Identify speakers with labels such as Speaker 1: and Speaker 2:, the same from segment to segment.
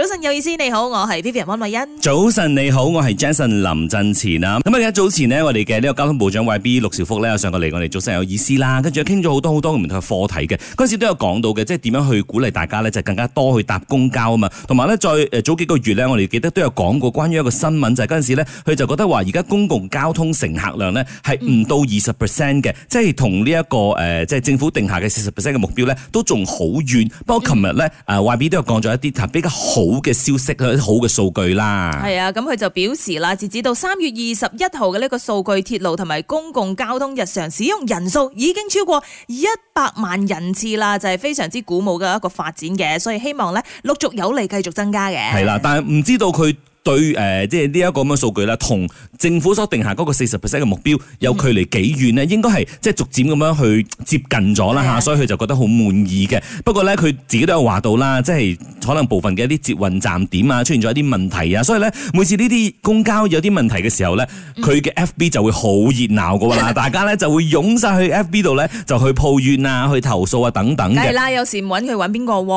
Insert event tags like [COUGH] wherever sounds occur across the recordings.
Speaker 1: 早晨有意思，你好，我係 P P R 温偉欣。早晨你好，我係 Jason 林振前啊。咁啊，而家早前呢，我哋嘅呢個交通部長 Y B 陸兆福咧，上過嚟我哋早晨有意思啦，跟住傾咗好多好多唔同嘅課題嘅。嗰陣時都有講到嘅，即係點樣去鼓勵大家咧，就更加多去搭公交啊嘛。同埋咧，再誒早幾個月咧，我哋記得都有講過關於一個新聞，就係嗰陣時咧，佢就覺得話而家公共交通乘客量咧係唔到二十 percent 嘅，即係同呢一個誒、呃、即係政府定下嘅四十 percent 嘅目標咧，都仲好遠。不過琴日咧，誒 Y B 都有講咗一啲，但係、嗯啊、比較好。好嘅消息啊，好嘅數據啦，係
Speaker 2: 啊，咁佢就表示啦，截止到三月二十一號嘅呢個數據，鐵路同埋公共交通日常使用人數已經超過一百萬人次啦，就係、是、非常之鼓舞嘅一個發展嘅，所以希望咧陸續有利繼續增加嘅，係啦、
Speaker 1: 啊，但係唔知道佢。對誒，即係呢一個咁樣數據啦，同政府所定下嗰個四十 percent 嘅目標有距離幾遠呢、嗯、應該係即係逐漸咁樣去接近咗啦、嗯、所以佢就覺得好滿意嘅。嗯、不過咧，佢自己都有話到啦，即係可能部分嘅一啲捷運站點啊，出現咗一啲問題啊，所以咧每次呢啲公交有啲問題嘅時候咧，佢、嗯、嘅 FB 就會好熱鬧噶啦，嗯、大家咧就會湧晒去 FB 度咧就去抱怨啊、去投訴啊等等嘅。係啦，
Speaker 2: 有時唔揾佢揾邊個喎？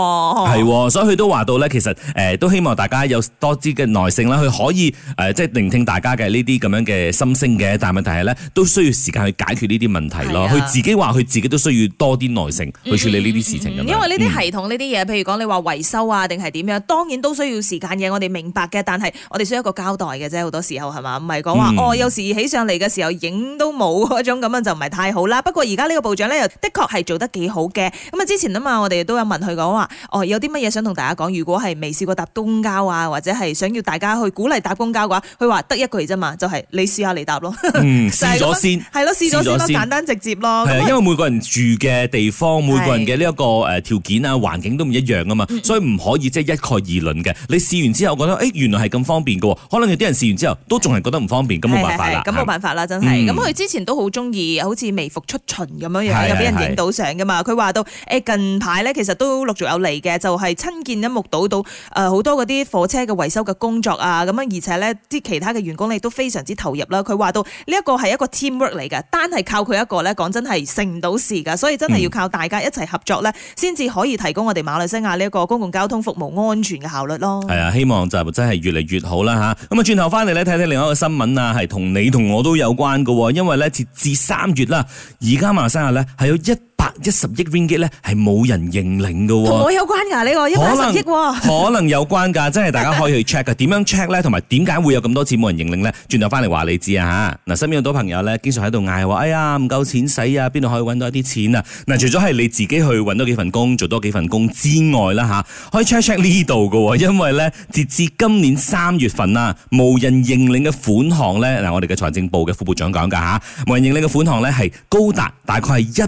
Speaker 2: 係、
Speaker 1: 哦，所以佢都話到咧，其實都希望大家有多啲嘅耐。佢可以誒，即係聆聽大家嘅呢啲咁樣嘅心聲嘅，但係問題係咧，都需要時間去解決呢啲問題咯。佢、啊、自己話，佢自己都需要多啲耐性去處理呢啲事情嘅、嗯嗯嗯。因為呢啲系
Speaker 2: 統呢啲嘢，譬、嗯、如講你話維修啊，定係點樣，當然都需要時間嘅。我哋明白嘅，但係我哋需要一個交代嘅啫。好多時候係嘛，唔係講話哦，有時起上嚟嘅時候影都冇嗰種咁樣就唔係太好啦。不過而家呢個部長咧又的確係做得幾好嘅。咁啊之前啊嘛，我哋都有問佢講話哦，有啲乜嘢想同大家講？如果係未試過搭公交啊，或者係想要大家去鼓勵搭公交嘅話，佢話得一句啫嘛，就係你試下嚟搭咯，
Speaker 1: 試咗先，係咯，試咗先咯，簡單
Speaker 2: 直接咯。係因
Speaker 1: 為每個人住嘅地方，每個人嘅呢一個誒條件啊環境都唔一樣啊嘛，所以唔可以即係一概而論嘅。你試完之後覺得，誒原來係咁方便㗎，可能有啲人試完之後都仲係覺得唔方便，咁冇辦法啦，咁冇辦
Speaker 2: 法啦，真係。咁佢之前都好鍾意好似微服出巡咁樣樣，俾人影到相㗎嘛。佢話到誒近排咧，其實都陸續有嚟嘅，就係親眼目睹到誒好多嗰啲火車嘅維修嘅工作。啊咁樣，而且咧啲其他嘅員工咧都非常之投入啦。佢話到呢一個係一個 teamwork 嚟嘅，單係靠佢一個咧，講真係成唔到事噶。所以真係要靠大家一齊合作咧，先至可以提供我哋馬來西亞呢一個公共交通服務安全嘅效率咯。係
Speaker 1: 啊，希望就真係越嚟越好啦吓。咁啊，轉頭翻嚟咧睇睇另外一個新聞啊，係同你同我都有關噶。因為咧，截至三月啦，而家馬來西亞咧係有一。百一十億 Ringgit 咧，係冇人認領噶，同我有
Speaker 2: 關噶呢個一百一十億、啊，可
Speaker 1: 能有關噶，真係大家可以去 check 噶。點樣 check 咧？同埋點解會有咁多錢冇人認領咧？轉頭翻嚟話你知啊吓嗱。身邊好多朋友咧，經常喺度嗌話：哎呀，唔夠錢使啊，邊度可以搵到一啲錢啊？嗱，除咗係你自己去搵多幾份工，做多幾份工之外啦，吓可以 check check 呢度噶，因為咧，截至今年三月份啦，無人認領嘅款項咧，嗱，我哋嘅財政部嘅副部長講噶吓，無人認領嘅款項咧係高達大概係一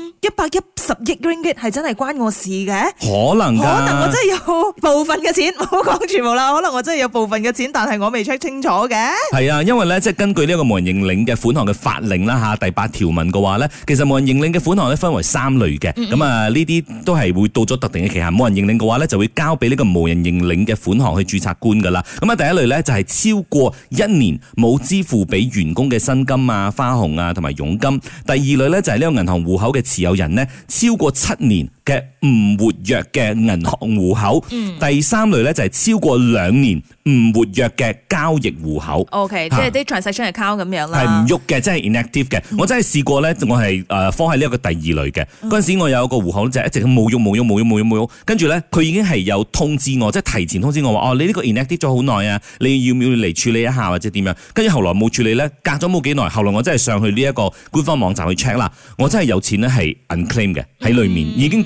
Speaker 2: 一百一十億 Ringgit 係真係關我事嘅？
Speaker 1: 可能可能我真係有
Speaker 2: 部分嘅錢，唔好講全部啦。可能我真係有部分嘅錢，錢，但係我未 check 清楚嘅。
Speaker 1: 係啊，因為咧，即係根據呢個無人認領嘅款項嘅法令啦吓，第八條文嘅話咧，其實無人認領嘅款項咧分為三類嘅。咁、嗯、啊、嗯，呢啲都係會到咗特定嘅期限，冇人認領嘅話咧，就會交俾呢個無人認領嘅款項去註冊官噶啦。咁啊，第一類咧就係超過一年冇支付俾員工嘅薪金啊、花紅啊同埋佣金。第二類咧就係呢個銀行戶口嘅持有。有人咧超過七年，嘅唔活躍嘅銀行戶口，嗯、第三類咧就係超過兩年唔活躍嘅交易戶口。OK，即係啲
Speaker 2: transaction account 咁樣啦，係唔
Speaker 1: 喐嘅，即係 inactive 嘅。我真係試過咧，我係誒放喺呢一個第二類嘅嗰陣時，我有一個戶口就係一直冇喐、冇喐、冇喐、冇喐、冇喐。跟住咧佢已經係有通知我，即係提前通知我話哦，你呢個 inactive 咗好耐啊，你要唔要嚟處理一下或者點樣？跟住後來冇處理咧，隔咗冇幾耐，後來我真係上去呢一個官方網站去 check 啦，我真係有錢咧係 unclaimed 嘅喺裏面，嗯、已經。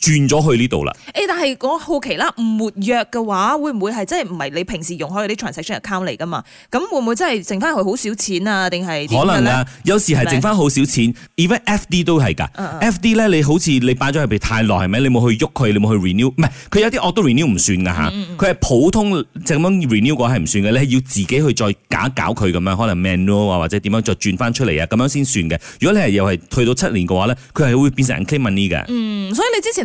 Speaker 1: 轉咗去呢度啦。
Speaker 2: 誒、欸，但係我好奇啦，唔活躍嘅話，會唔會係真係唔係你平時用開嗰啲 transaction account 嚟噶嘛？咁會唔會真係剩翻佢好少錢啊？定係可能啊，有時係剩翻好
Speaker 1: 少錢，even FD 都係㗎。Uh, uh, FD 咧，你好似你擺咗入邊太耐係咪？你冇去喐佢，你冇去 renew，唔係佢有啲我都 renew 唔算㗎吓。佢係普通就咁樣 renew 嘅話係唔算嘅，你係要自己去再搞搞佢咁樣，可能 manual 啊或者點樣再轉翻出嚟啊，咁樣先算嘅。如果你係又係退到七年嘅話咧，佢係會變成 claiming 嘅。嗯，
Speaker 2: 所以你之前。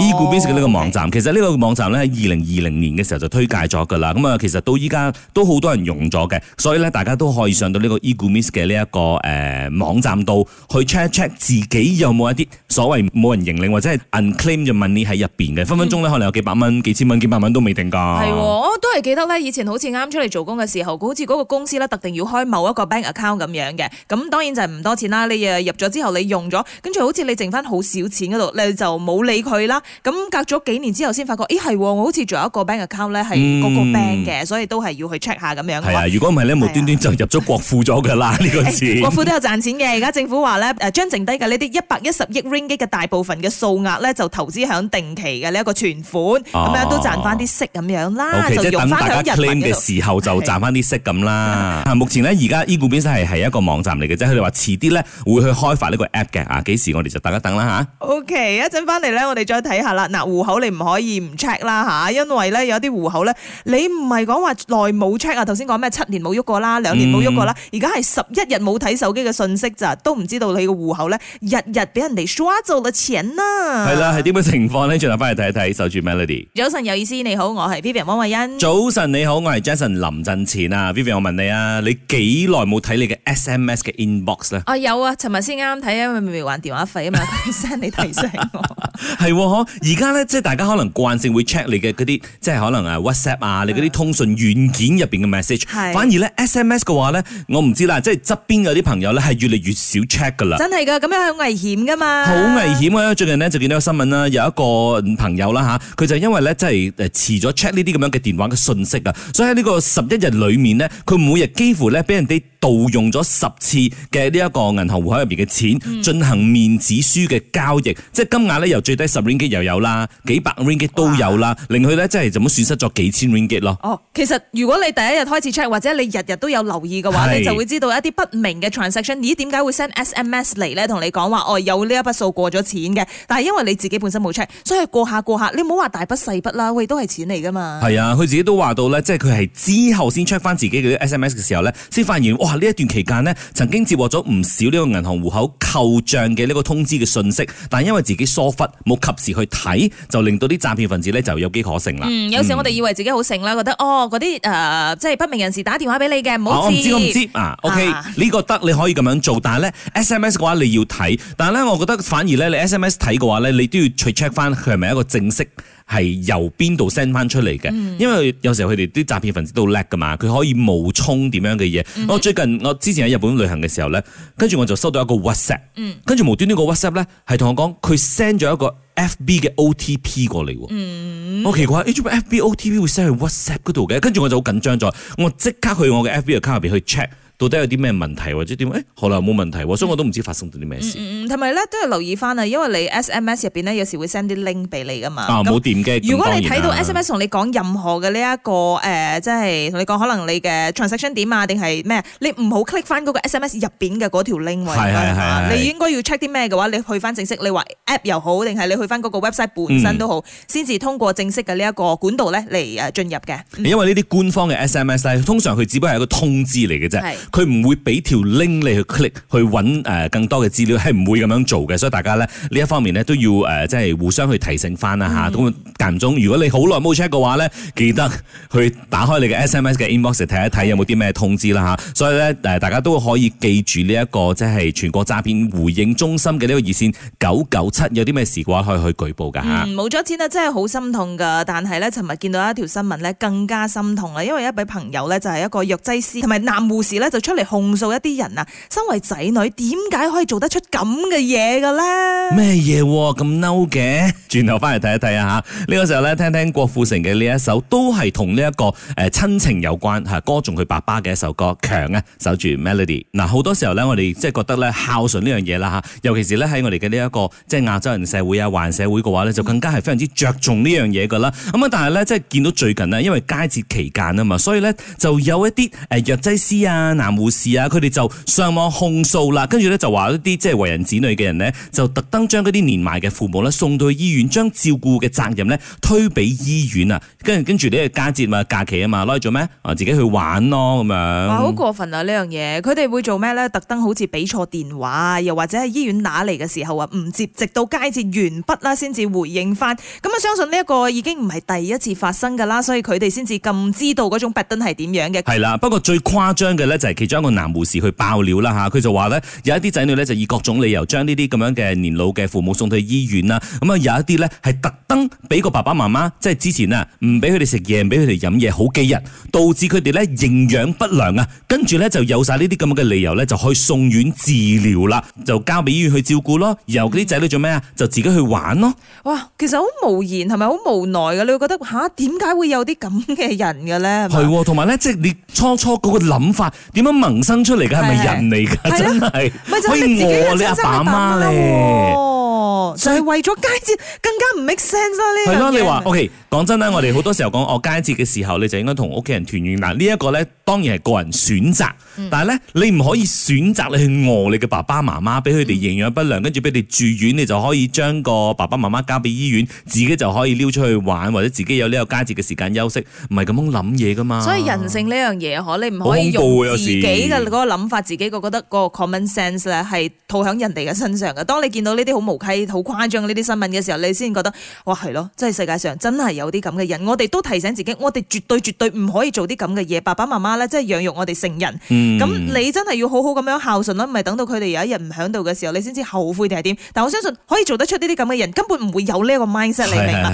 Speaker 1: eGuMIS 嘅呢個網站，oh, okay. 其實呢個網站咧喺二零二零年嘅時候就推介咗噶啦，咁啊其實到依家都好多人用咗嘅，所以咧大家都可以上到呢個 eGuMIS 嘅呢、這、一個誒、呃、網站度去 check check 自己有冇一啲所謂冇人認領或者係 unclaimed 嘅 money 喺入邊嘅，分分鐘咧可能有幾百蚊、幾千蚊、幾百蚊都未定㗎。係喎、哦，我
Speaker 2: 都係記得咧，以前好似啱出嚟做工嘅時候，好似嗰個公司咧特定要開某一個 bank account 咁樣嘅，咁當然就係唔多錢啦。你入咗之後，你了後你，你用咗，跟住好似你剩翻好少錢嗰度你就冇理佢啦。咁隔咗幾年之後先發覺，誒係，我好似仲有一個 bank account 咧係嗰個 bank 嘅，所以都係要去 check 下咁樣。係啊，
Speaker 1: 如果唔係咧，無端端就入咗國庫咗噶啦呢個字。國庫都有
Speaker 2: 賺錢嘅，而家政府話咧，誒，將剩低嘅呢啲一百一十億 ringgit 嘅大部分嘅數額咧，就投資響定期嘅呢一個存款，咁樣都賺翻啲息咁樣啦。OK，即係等大家 claim 嘅時候就賺翻
Speaker 1: 啲息咁啦。啊，目前咧而家 E 股本身係係一個網站嚟嘅，即係佢哋話遲啲咧會去開發呢個 app 嘅。啊，幾時我哋就等一等啦吓。
Speaker 2: OK，一陣翻嚟咧，我哋再睇。睇下啦，嗱，戶口你唔可以唔 check 啦吓，因為咧有啲戶口咧，你唔係講話耐冇 check 啊，頭先講咩七年冇喐過啦，兩年冇喐過啦，而家係十一日冇睇手機嘅信息咋，都唔知道你個戶口咧日日俾人哋刷咗個錢啦。係啦，
Speaker 1: 係點樣情況咧？轉頭翻嚟睇一睇，守住 Melody。
Speaker 2: 早晨有意思，你好，我係 Vivian 汪慧欣。
Speaker 1: 早晨你好，我係 Jason 林振前啊，Vivian 我問你，你，你的的啊，你幾耐冇睇你嘅 SMS 嘅 inbox 咧？
Speaker 2: 啊有啊，尋日先啱睇啊，因為未還電話費啊嘛，先 [LAUGHS] 生你提醒
Speaker 1: 我係。 [LAUGHS] 而家咧，即係大家可能慣性會 check 你嘅嗰啲，即係可能誒 WhatsApp 啊，你嗰啲通訊軟件入邊嘅 message，係反而咧 SMS 嘅話咧，我唔知啦，即係側邊嗰啲朋友咧係越嚟越少 check 噶啦。真
Speaker 2: 係噶，咁樣係好危
Speaker 1: 險噶嘛。好危險啊！最近呢，就見到個新聞啦，有一個朋友啦吓，佢就因為咧即係誒遲咗 check 呢啲咁樣嘅電話嘅信息啊，所以喺呢個十一日裏面咧，佢每日幾乎咧俾人哋。盜用咗十次嘅呢一個銀行戶口入面嘅錢，進行面子書嘅交易。嗯嗯，即，即係金額咧由最低十 ringgit 又有啦，幾百 ringgit 都有啦，令佢咧即係就咁損失咗幾千 ringgit 咯。
Speaker 2: 哦，其實如果你第一日開始 check 或者你日日都有留意嘅話，你就會知道一啲不明嘅 transaction，咦點解會 send SMS 嚟咧？同你講話哦，有呢一筆數過咗錢嘅，但係因為你自己本身冇 check，所以過下過下，你唔好話大筆細筆啦，喂都係錢嚟噶嘛。係
Speaker 1: 啊，佢自己都話到咧，即係佢係之後先 check 翻自己嗰啲 SMS 嘅時候咧，先發現哇！呢一段期間曾經接獲咗唔少呢個銀行戶口扣帳嘅呢個通知嘅信息，但係因為自己疏忽冇及時去睇，就令到啲詐騙分子咧就有機可乘啦、嗯。有時
Speaker 2: 我哋以為自己好醒啦，覺得哦嗰啲即係不明人士打電話俾你嘅，好知、啊。我唔知我唔知啊。
Speaker 1: O K，呢個得你可以咁樣做，但係呢 S M S 嘅話你要睇，但係呢，我覺得反而呢你 S M S 睇嘅話呢你都要 check 翻佢係咪一個正式係由邊度 send 翻出嚟嘅？嗯，因為有時候佢哋啲詐騙分子都叻㗎嘛，佢可以冒充點樣嘅嘢。我、嗯、最我之前喺日本旅行嘅時候咧，跟住我就收到一個 WhatsApp，跟、嗯、住無端端個 WhatsApp 咧係同我講佢 send 咗一個 FB 嘅 OTP 過嚟、嗯，我奇怪，你、欸、做咩 FB OTP 會 send 去 WhatsApp 嗰度嘅？跟住我就好緊張咗，我即刻去我嘅 FB account 入邊去 check。到底有啲咩問題或者點？誒、哎，好啦，冇問題，所以我都唔知發生咗啲咩事。
Speaker 2: 同埋咧，都、嗯、要留意翻啊，因為你 SMS 入邊咧，有時會 send 啲 link 俾你噶嘛。唔好
Speaker 1: 點擊。如果你睇到 SMS
Speaker 2: 同你講任何嘅呢一個誒，即係同你講可能你嘅 transaction 點啊，定係咩？你唔好 click 翻嗰個 SMS 入邊嘅嗰條 link 位。係係係係係你應該要 check 啲咩嘅話，你去翻正式，你話 app 又好，定係你去翻嗰個 website 本身都好，先、嗯、至通過正式嘅呢一個管道咧嚟誒進入嘅、嗯。
Speaker 1: 因為呢啲官方嘅 SMS 通常佢只不過係一個通知嚟嘅啫。佢唔會俾條 link 你去 click 去揾更多嘅資料，係唔會咁樣做嘅，所以大家咧呢一方面呢都要即係互相去提醒翻啦嚇。咁間中，如果你好耐冇 check 嘅話呢，記得去打開你嘅 SMS 嘅 inbox 嚟睇一睇有冇啲咩通知啦吓，所以咧大家都可以記住呢、這、一個即係、就是、全國詐騙回應中心嘅呢個熱線九九七，有啲咩事嘅話可以去舉報㗎嚇。冇、
Speaker 2: 嗯、咗錢呢，真係好心痛㗎。但係咧，尋日見到一條新聞咧，更加心痛啦，因為一位朋友咧就係一個藥劑師同埋男護士咧就。出嚟控訴一啲人啊！身為仔女，點解可以做得出咁嘅嘢嘅咧？
Speaker 1: 咩嘢喎？咁嬲嘅？轉頭翻嚟睇一睇啊！嚇，呢個時候咧，聽聽郭富城嘅呢一首，都係同呢一個誒親情有關歌頌佢爸爸嘅一首歌，強啊！守住 Melody 嗱，好多時候咧，我哋即係覺得咧孝順呢樣嘢啦，尤其是咧喺我哋嘅呢一個即係亞洲人社會啊、環社會嘅話咧，就更加係非常之着重呢樣嘢㗎啦。咁啊，但係咧，即係見到最近啊，因為佳節期間啊嘛，所以咧就有一啲誒藥劑師啊，護士啊，佢哋就上網控訴啦，跟住咧就話一啲即係為人子女嘅人呢，就特登將嗰啲年邁嘅父母呢送到去醫院，將照顧嘅責任呢推俾醫院啊。跟跟住咧，佳節嘛，假期啊嘛，攞嚟做咩？啊，自己去玩咯咁樣。好
Speaker 2: 過分啊呢樣嘢！佢哋會做咩呢？特登好似俾錯電話，又或者係醫院打嚟嘅時候啊，唔接，直到佳節完畢啦先至回應翻。咁啊，相信呢一個已經唔係第一次發生噶啦，所以佢哋先至咁知道嗰種拔登係點樣嘅。係啦，
Speaker 1: 不過最誇張嘅呢就係。其中一個男護士去爆料啦嚇，佢就話咧有一啲仔女咧就以各種理由將呢啲咁樣嘅年老嘅父母送到醫院啦，咁啊有一啲咧係特登俾個爸爸媽媽，即係之前啊唔俾佢哋食嘢，唔俾佢哋飲嘢好幾日，導致佢哋咧營養不良啊，跟住咧就有晒呢啲咁嘅理由咧就去送院治療啦，就交俾醫院去照顧咯，然後嗰啲仔女做咩啊？就自己去玩咯。
Speaker 2: 哇，其實好無言，係咪好無奈嘅？你會覺得吓，點解會有啲咁嘅人嘅咧？係喎、
Speaker 1: 哦，同埋咧即係你初初嗰個諗法。點樣萌生出嚟嘅，係咪人嚟噶？真係，所以我你阿爸阿媽咧。
Speaker 2: Oh，所以就係、是、為咗佳節更加唔 make sense 啊。呢樣係咯，你話
Speaker 1: OK 講真咧，我哋好多時候講我佳節嘅時候，你就應該同屋企人團圓嗱，呢一個咧當然係個人選擇，嗯、但係咧你唔可以選擇你去餓你嘅爸爸媽媽，俾佢哋營養不良，跟住俾你住院，你就可以將個爸爸媽媽交俾醫院，自己就可以溜出去玩，或者自己有呢個佳節嘅時間休息，唔係咁樣諗嘢噶嘛。所以人
Speaker 2: 性呢樣嘢，嗬，你唔可以用自己嘅嗰個諗法，法，自己個覺得個 common sense 咧係套喺人哋嘅身上嘅。當你見到呢啲好無好誇張呢啲新聞嘅時候，你先覺得哇係咯，真係世界上真係有啲咁嘅人。我哋都提醒自己，我哋絕對絕對唔可以做啲咁嘅嘢。爸爸媽媽咧，即係養育我哋成人。咁、嗯、你真係要好好咁樣孝順啦，唔係等到佢哋有一日唔喺度嘅時候，你先知後悔定係點？但我相信可以做得出呢啲咁嘅人，根本唔會有呢一個 mindset，你明
Speaker 1: 嘛？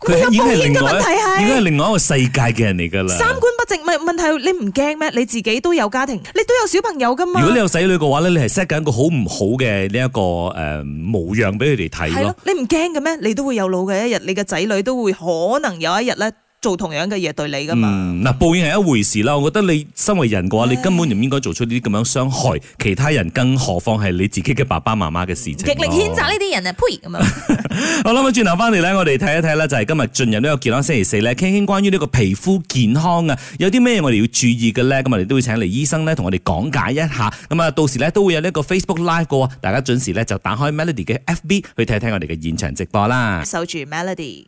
Speaker 1: 佢有當年嘅問題係，佢係另、另外一個世界嘅人嚟噶啦。
Speaker 2: 唔係問題，你唔驚咩？你自己都有家庭，你都有小朋友噶嘛。如果你有
Speaker 1: 仔女嘅話咧，你係 set 緊一個好唔好嘅呢一個、呃、模樣俾佢哋睇咯。
Speaker 2: 你唔驚嘅咩？你都會有老嘅一日，你嘅仔女都會可能有一日咧。做同樣嘅嘢對你噶嘛？
Speaker 1: 嗯，嗱，報應係一回事啦。我覺得你身為人嘅話，你根本唔應該做出呢啲咁樣傷害其他人，更何況係你自己嘅爸爸媽媽嘅事情。極力譴責
Speaker 2: 呢啲人啊，呸！咁樣。 [LAUGHS] 好啦，
Speaker 1: 咁轉頭翻嚟咧，我哋睇一睇咧，就係今日進入呢個健康星期四咧，傾傾關於呢個皮膚健康啊，有啲咩我哋要注意嘅咧？咁我哋都會請嚟醫生咧，同我哋講解一下。咁啊，到時咧都會有呢個 Facebook Live 嘅喎，大家準時咧就打開 Melody 嘅 FB 去睇睇我哋嘅現場直播啦。
Speaker 2: 守住 Melody。